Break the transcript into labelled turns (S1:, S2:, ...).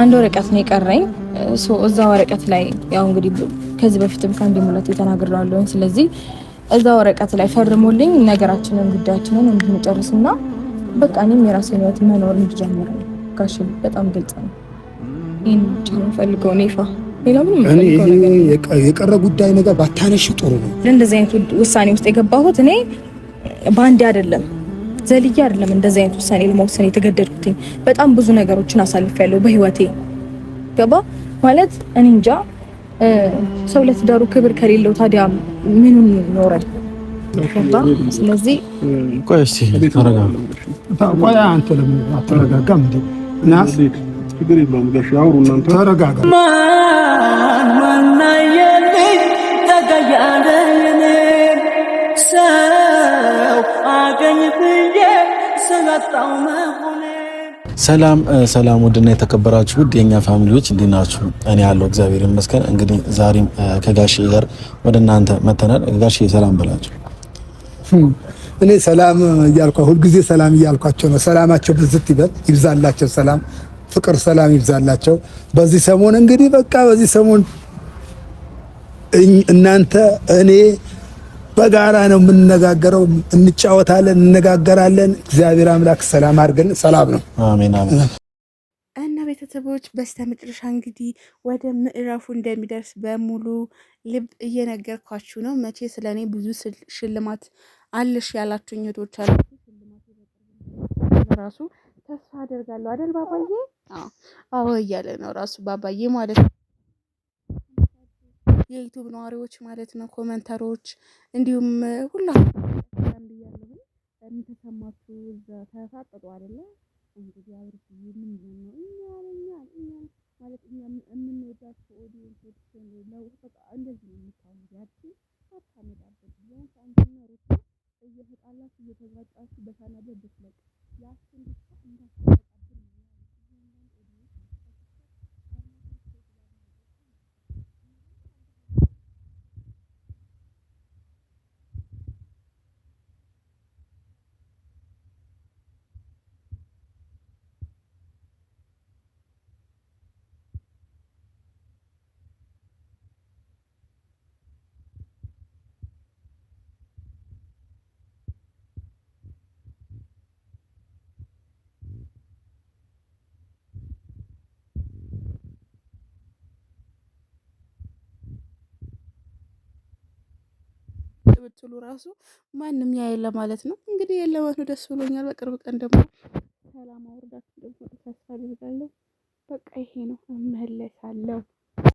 S1: አንድ ወረቀት ነው የቀረኝ። እዛ ወረቀት ላይ ያው እንግዲህ ከዚህ በፊትም ከአንድ ሙለት የተናግሬዋለሁ። ስለዚህ እዛ ወረቀት ላይ ፈርሞልኝ ነገራችንን ጉዳያችንን እና በቃ እኔም የራሴን ህይወት መኖር እንድጀምር ጋሽ በጣም ግልጽ ነው። ይህን
S2: የቀረ ጉዳይ ነገር ባታነሽ ጥሩ ነው።
S1: እንደዚህ አይነት ውሳኔ ውስጥ የገባሁት እኔ በአንዴ አይደለም ዘልዬ አይደለም እንደዚህ አይነት ውሳኔ ለመወሰን የተገደድኩትኝ። በጣም ብዙ ነገሮችን አሳልፌያለሁ በህይወቴ። ገባ ማለት እኔ እንጃ። ሰው ለትዳሩ ክብር ከሌለው ታዲያ ምኑን ይኖራል? ስለዚህ
S3: ቆይ እስኪ ተረጋጋ። አጣው መሆኔ ሰላም ሰላም፣ ውድና የተከበራችሁ ውድ የኛ ፋሚሊዎች እንዴት ናችሁ? እኔ ያለው እግዚአብሔር ይመስገን። እንግዲህ ዛሬም ከጋሽ ጋር ወደ እናንተ መተናል። ጋሽ ሰላም ብላችሁ።
S2: እኔ ሰላም እያልኳ ሁልጊዜ ሰላም እያልኳቸው ነው። ሰላማቸው ብዝት ይበል ይብዛላቸው። ሰላም፣ ፍቅር፣ ሰላም ይብዛላቸው። በዚህ ሰሞን እንግዲህ በቃ በዚህ ሰሞን እናንተ እኔ በጋራ ነው የምንነጋገረው፣ እንጫወታለን፣ እንነጋገራለን። እግዚአብሔር አምላክ ሰላም አድርገን ሰላም ነው።
S3: አሜን አሜን።
S1: እና ቤተሰቦች በስተመጨረሻ እንግዲህ ወደ ምዕራፉ እንደሚደርስ በሙሉ ልብ እየነገርኳችሁ ነው። መቼ ስለ እኔ ብዙ ሽልማት አለሽ ያላችሁ እህቶች አሉ። ራሱ ተስፋ አደርጋለሁ አደል ባባዬ? አዎ እያለ ነው ራሱ ባባዬ ማለት ነው። የዩቱብ ነዋሪዎች ማለት ነው፣ ኮመንተሮች፣ እንዲሁም ሁላ ብያለሁ። ምን ተሰማችሁ? እዛ ተፋጠጡ አይደለ እንግዲህ አብርሽ ምን ነው እኛ ለኛ እኛ ማለት እኛ የምንወዳቸው ኦዲየንሶች እንደዚህ ነው የሚታዩ ያቺ ሳታመጣበት ቢያንስ አንተና ሩታ እየተጣላችሁ እየተጓጫችሁ በሳናለ ብትለቅ ያችን ብቻ እንዳትለ ብትሉ ራሱ ማንም ያየለ ማለት ነው። እንግዲህ የለመኑ ደስ ብሎኛል። በቅርብ ቀን ደግሞ ሰላም አውርዳችሁ ደግሞ ተስፋ አድርጋለሁ። በቃ ይሄ ነው እመለሳለሁ።